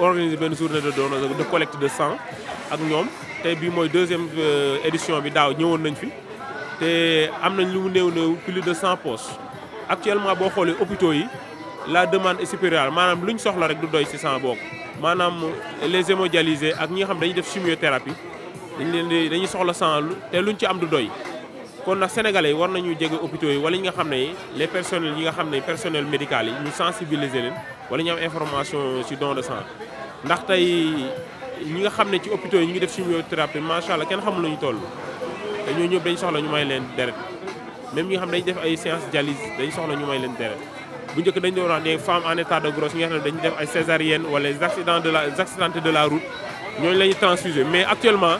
organisé benn journée de don de collecte de sang ak ñoom tey bii mooy deuxième euh, édition bi daaw ñëwoon nañ fi te am nañ lu mu néew néew plus de cent poches actuellement boo xoolee hôpitaux yi la demande est maanaam lu ñu soxla rek du doy ci sang boobu maanaam les hémodialysés ak ñi nga xam dañuy def chimiothérapie dañ leen di dañuy soxla sang te luñ ci am du doy. kon nag sénégalais yi war nañu jege hôpitaux yi wala ñi nga xam ne les personnels yi nga xam ne personnel médical yi ñu sensibiliser leen wala ñu am information ci don de sang ndax tey ñi nga xam ne ci hôpitaux yi ñu ngi def chimiothérapie macha allah kenn xamul lu ñu toll te ñoo ñëpp dañ soxla ñu may leen deret même ñi nga xam ne dañ def ay séance dialyse dañ soxla ñu may leen deret bu njëkk dañ doon wax ne femmes en état de grossesse ñi nga xam ne dañu def ay mais actuellement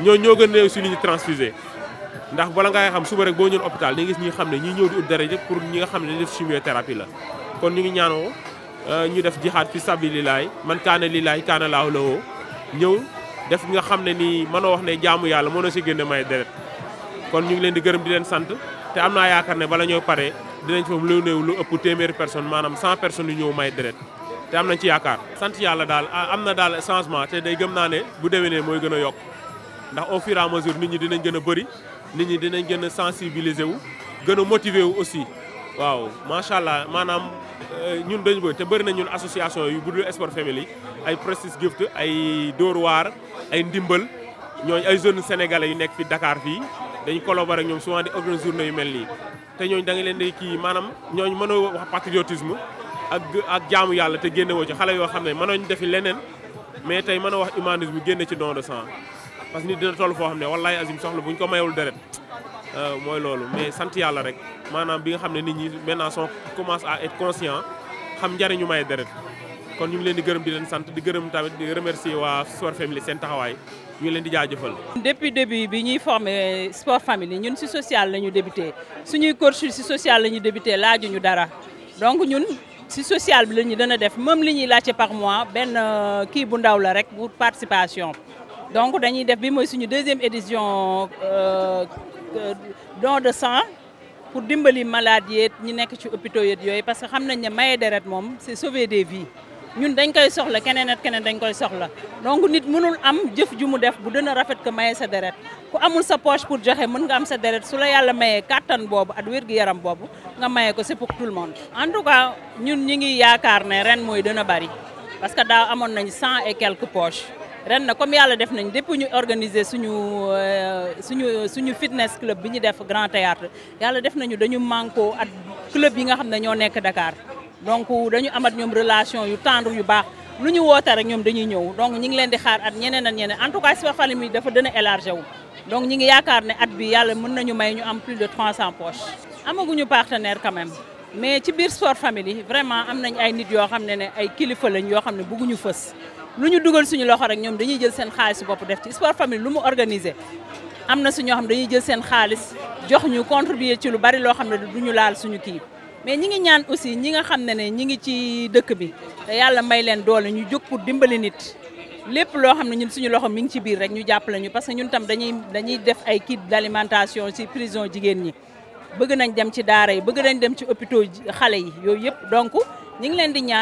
ñoo ñoo gën a ndax bala nga xam suba rek boo ñëwee hôpital di gis ñi xam ne ñi ñëw di ut dara pour ñi nga xam ne def chimiothérapie la kon ñu ngi ñaanoo euh, ñu def jihaad fi sabilillahi man kaana lillahi kaana laahu lahu ñëw def nga xam ne nii mënoo wax ne jaamu yàlla mënoo si gën a may deret kon ñu ngi leen di gërëm di leen sant te am na yaakaar ne bala ñoo paree dinañ fa lu néew lu ëpp téeméeri personne maanaam 100 personnes yu ñëw may deret te am nañ ci yaakaar sant yàlla daal am na daal changement day gëm naa bu déwénee mooy gën a yokk ndax au ñi dinañ gën a bëri nit ñi dinañ gën a sensibiliser wu gën a motiver wu aussi waaw macha allah maanaam euh, ñun dañ koy te bëri na ñun association yu budul sport family ay prestige gift ay Dóor waar ay ndimbal ñooñu ay jeunes sénégalais yu nekk fi dakaar fii dañ collaborer ak ñoom souvent di organiser journée yu mel nii te ñooñ da leen di kii maanaam ñooñu mën a wax patriotisme ak ak jaamu yàlla te génne woo ci xale yoo xam ne mënooñu defi leneen mais tey mën a wax humanisme génne ci don de sang parce que nit dina foo xam ne wallaay azim soxla bu ñu ko mayewul deret euh, mooy loolu mais sant yàlla rek maanaam bi nga xam ne nit ñi maintenant sont commence à être conscient xam njariñu may deret kon ñu ngi leen di gërëm di leen sant di gërëm tamit di remercier waa Sport Family seen taxawaay ñu leen di jaajëfal. depuis début bi ñuy formé Sport Family ñun si social lañu ñu débuté suñuy coach ci social la ñu débuté laajuñu dara donc ñun si social bi la ñu dana def même li ñuy laajte par mois benn euh, kii bu ndaw la rek bu participation. donc dañuy def bi mooy suñu deuxième édition euh, euh, don de sang pour dimbali malade yeeg ñi nekk ci hôpitaux yeeg yooyu parce que xam nañ ne maye deret moom c'est sauver des vies ñun dañ koy soxla keneen ak keneen dañ koy soxla donc nit mënul am jëf ju mu def bu gën a rafet que maye sa deret ku amul sa poche pour joxe mën nga am sa deret su la yàlla mayee kàttan boobu at wér gu yaram boobu nga maye ko c'est pour tout le monde. en tout cas ñun ñi ngi yaakaar ne ren mooy dana bari parce que daaw amoon nañ cent et quelques ren na comme yàlla def nañ depuis ñu organiser suñu euh, suñu suñu fitness club bi ñu def Grand Théâtre yàlla def nañu dañu manko ak club yi nga xam ne ñoo nekk Dakar donc dañu amat ñoom relation yu tendre yu baax lu ñu woote rek ñoom dañuy ñëw donc ñi ngi leen di xaar at ñeneen ak ñeneen en tout cas Sifar Famille dafa dana élargir wu. donc ñi yaakaar ne at bi yàlla mën nañu may ñu am plus de trois 300 poches. amaguñu partenaire quand mais ci biir Sifar Famille yi vraiment am nañ ay nit yoo xam ne ne ay kilifa lañ yoo xam ne bëgguñu fës. lu ñu dugal suñu loxo rek ñoom dañuy jël seen xaalis bopp def ci sport famille lu mu organisé am na si ñoo xam dañuy jël seen xaalis jox ñu contribuer ci lu bari loo xam ne du ñu laal suñu kii mais ñi ngi ñaan aussi ñi nga xam ne ne ñi ngi ci dëkk bi te yàlla may leen doole ñu jóg pour dimbali nit lépp loo xam ne ñun suñu loxo mi ngi ci biir rek ñu jàppale ñu parce que ñun tam dañu dañuy def ay kit d'alimentation si prison jigéen ñi bëgg nañ dem ci daara yi bëgg nañ dem ci hôpitaux xale yi yooyu yëpp donc ñi ngi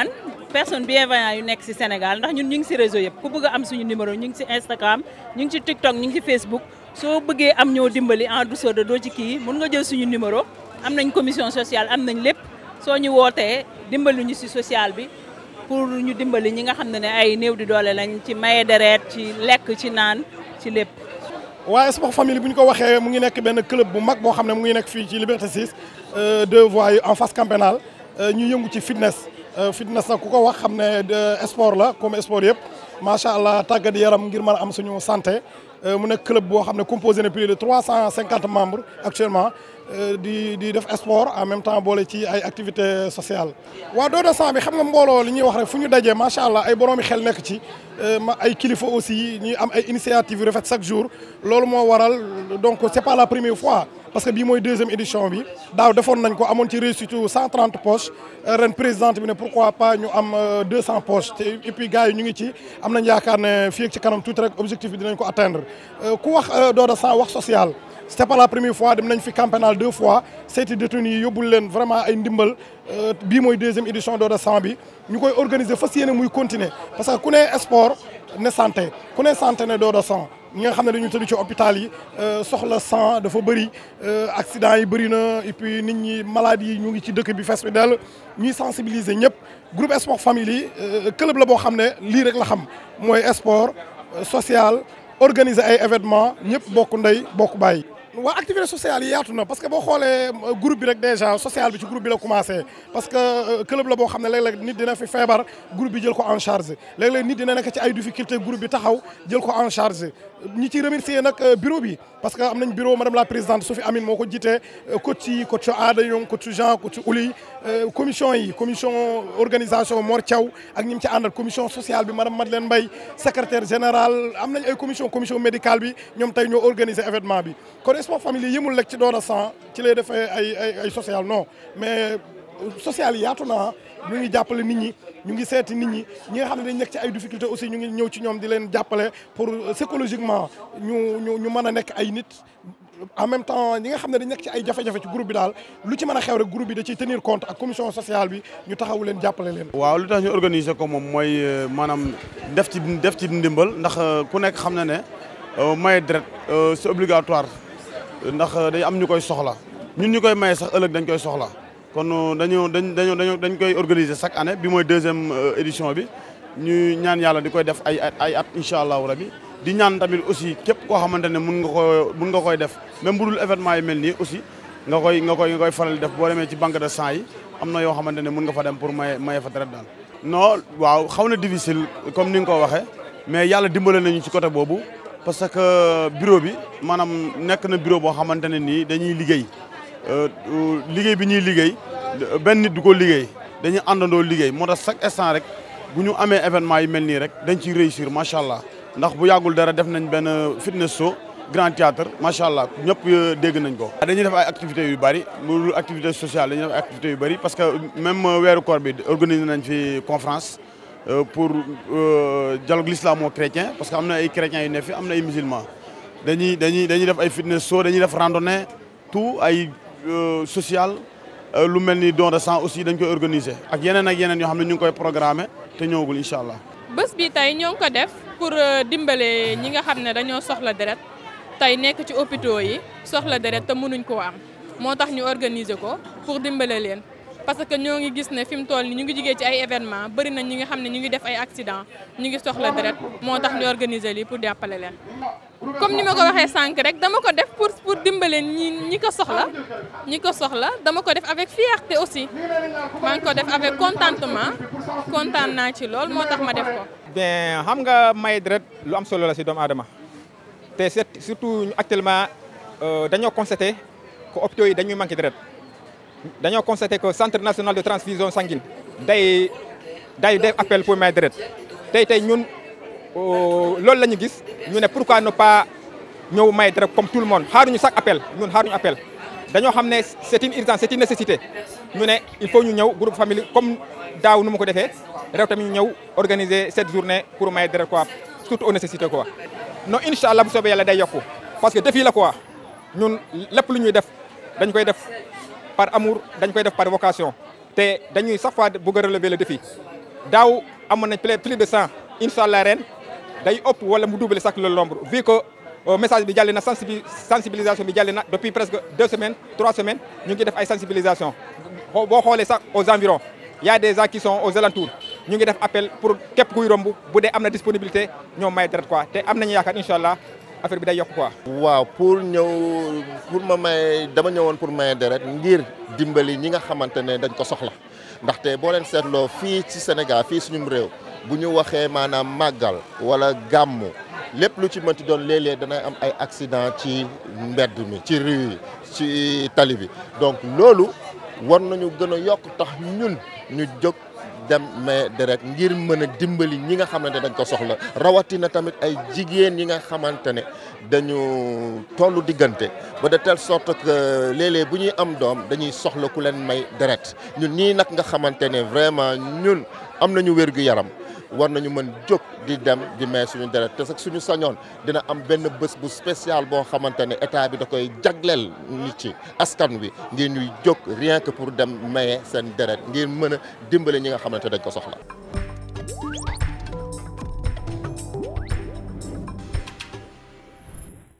personne bienveillant yu nekk ci Sénégal ndax ñun ñu ngi ci réseau yëpp ku bëgg a am suñu numéro ñu ngi ci Instagram ñu ngi ci TikTok ñu ngi ci Facebook soo bëggee am ñoo dimbali en douceur de doo ci kii mën nga jël suñu numéro am nañ commission sociale am nañ lépp soo ñu wootee dimbali ñu si social bi pour ñu dimbali ñi nga xam ne ne ay néew di doole lañ ci maye deret ci lekk ci naan ci lépp. waaye Sport Family bu ñu ko waxee mu ngi nekk benn club bu mag bo xam ne mu ngi nekk fii ci Liberté 6 euh, deux voies en face Campenal euh, ñu yëngu ci fitness. Euh, fitness sax ku ko wax xam ne sport la comme sport yëpp macha allah tàggat yaram ngir man a am suñu santé euh, mu ne club boo xam ne composé na plus de trois cent cinquante membres actuellement. Euh, di di def sport en même temps boole ci ay activité sociale waa don de bi xam nga mbooloo li ñuy wax rek fu ñu dajee macha allah ay boroomi xel nekk ci euh, ma ay kilifa aussi ñuy am ay initiative yu rafet chaque jour loolu moo waral donc c'est pas la première fois parce que bii mooy deuxième édition bi daaw defoon nañ ko amoon ci réussite cent trente euh, ren présidente bi ne pourquoi pas ñu am deux cent poches te et puis gars yi ñu ngi ci am na yaakaar ne fii ci kanam tuuti rek objectif bi dinañ ko atteindre ku wax don de wax social c'est pas la première fois dem nañ fi camp deux fois seeti détenus yi yóbbul leen vraiment ay ndimbal euh, bii mooy deuxième édition don de sang bi ñu koy organiser fa yéene muy continuer parce que ku ne sport ne santé ku ne santé ne don sang ñi nga xam ne dañu tëdd ci hôpital yi euh, soxla sang dafa bëri euh, accident yi bëri na et puis nit ñi maladies yi ñu ngi ci dëkk bi fees bi dell ñuy sensibiliser ñëpp groupe sport famille yi club la boo xam ne lii rek la xam mooy sport social organiser ay événement ñëpp bokk ndey bokk bàyyi waa activité sociale yi yaatu na parce que boo xoolee euh, groupe bi rek déjà social bi ci groupe bi la commencé parce que euh, club la boo xam ne léeg-léeg nit dina fi feebar groupe bi jël ko en charge léeg-léeg nit dina nekk ci ay difficulté group bi taxaw jël ko en charge ñu ci remercier nag euh, bureau bi parce que am nañ bureau madame la présidente Sophie Amine moo ko jiite euh, coach yi coach Aada Yong coach Jean coach Ouli euh, commission yi commission organisation Mor Thiaw ak ñi mu ci àndal commission sociale bi madame Madeleine Mbaye secrétaire général am nañ ay commission commission médical bi ñoom tey ñoo organiser événement bi kon sport familier yëmul rek ci Dóor a 100 ci lay defee ay ay ay social non mais social yi yaatu na ñu ngi jàppale nit ñi ñu ngi seeti nit ñi ñi nga xam ne dañ nekk ci ay difficulté aussi ñu ngi ñëw ci ñoom di leen jàppale pour psychologiquement ñu ñu ñu mën a nekk ay nit en même temps ñi nga xam ne dañ nekk ci ay jafe-jafe ci groupe bi daal lu ci mën a xew rek groupe bi da ciy tenir compte ak commission sociale bi ñu taxawu leen jàppale leen. waaw lu tax ñu organiser ko moom mooy euh, maanaam def ci def ci ndimbal ndax euh, ku nekk xam na ne euh, maye deret c'est obligatoire ndax day am ñu koy soxla ñun ñu koy maye sax ëllëg dañ koy soxla. kon dañu dañ dañu dañu dañ koy organiser chaque année bi mooy deuxième euh, édition bi ñu ñaan yàlla di koy def ay ay at incha allahu rabi di ñaan tamit aussi képp koo xamante ne mun nga ko mun nga koy def même bu dul événement yi mel nii aussi nga koy nga koy nga koy def boo demee ci banque de sang yi am na yoo xamante ne mun nga fa dem pour maye maye fa traite daal. no waaw xaw na difficile comme ni nga ko waxee mais yàlla dimbale nañu ci côté boobu parce que bureau bi maanaam nekk na bureau boo xamante ne nii dañuy liggéey. Euh, euh, liggéey bi ñuy liggéey benn nit ko liggéey dañuy àndandoo liggéey moo tax chaque instant rek bu ñu amee événement yi mel nii rek dañ ciy réussir macha allah ndax bu yàggul dara def nañ benn fitness so grand théâtre macha allah ñëpp euh, dégg nañ ko. dañuy def ay activités yu bëri mu activité sociale dañuy def ay activités yu bëri parce que même weeru koor bi organiser nañ fi conférence pour dialogue islamo-chrétien parce que am na ay chrétiens yu ne fi am na ay musulmans dañuy dañuy dañuy def ay fitness show dañuy def randonnée tout ay Euh, sociale euh, lu mel ni don de sang aussi dañ koy organiser ak yeneen ak yeneen yoo xam ne ñu ngi koy programme te ñëwagul incha allah. bés bi tey ñoo ngi ko def pour euh, dimbale ñi nga xam ne dañoo soxla deret tey nekk ci hôpitaux yi soxla deret te mënuñ koo am moo tax ñu organiser ko pour dimbale leen parce que ñoo ngi gis ne fi mu toll ni ñu ngi jugee ci ay événement bëri na ñi nga xam ne ñu ngi def ay accident ñu ngi soxla deret moo tax ñu organiser lii pour jàppale leen. comme ni ma ko waxee sànq rek dama ko def pour dimbale ñi ñi ko soxla ñi ko soxla dama ko def avec te aussi maa ngi ko def avec contentement kontaan naa ci lool moo tax ma def ko. bien xam nga may deret lu am solo la si doom adama te surtout ñu actuellement euh, dañoo constaté que yi dañuy manqué deret dañoo constaté que centre national de transfusion sanguine day day def appel pour may deret tey tey ñun euh, loolu la ñu gis ñu ne pourquoi ne pas ñëw may deret comme tout le xaar ñu chaque appel ñun xaaruñu appel. dañoo xam ne c'est une urgence c'est une nécessité ñu ne il faut ñu ñëw groupe famille comme daaw nu ma ko defee rew tamit ñu ñëw organiser cette journée pour may deret quoi surtout aux nécessités quoi. non no allah bu soobee yàlla day yokku parce que défi la quoi ñun lépp lu ñuy def dañ koy def par amour dañ koy def par vocation te dañuy chaque fois bëgg a relever le défi daaw amoon nañ plus de cent incha allah ren day ëpp wala mu doubler sax le nombre vu Euh, message bi jàll na sensibilisation bi jàll na depuis presque deux semaines trois semaines ñu ngi def ay sensibilisation boo xoolee sax aux environs y a des gens qui aux alentours ñu ngi def appel pour képp kuy romb bu dee am na disponibilité ñoom may deret quoi te am nañu yaakaar incha allah affaire bi day yokk quoi. waaw pour ñëw pour ma may dama ñëwoon pour maye deret ngir dimbali ñi nga xamante ne dañ ko soxla ndaxte boo leen seetloo fii ci Sénégal fii suñu réew bu ñu waxee maanaam màggal wala gàmmu. lépp lu ci mënti doon léeg-léeg danay am ay accident ci mbedd mi ci rue ci tali bi donc loolu war nañu gën a yokk tax ñun ñu jóg dem mais direct ngir mën a dimbali ñi nga xamante dañ ko soxla rawatina tamit ay jigéen yi nga xamante ne dañu tollu diggante ba de telle sorte que bu ñuy am doom dañuy soxla ku leen may deret ñun ñii nag nga xamante ne vraiment ñun am nañu wér gu yaram war nañu mën jóg di dem di may suñu deret te sax suñu sañoon dina am benn bés bu spécial boo xamante ne état bi da koy jagleel nit ci askan wi ngir ñuy jóg rien que pour dem maye seen deret ngir mën a dimbale ñi nga xamante dañ ko soxla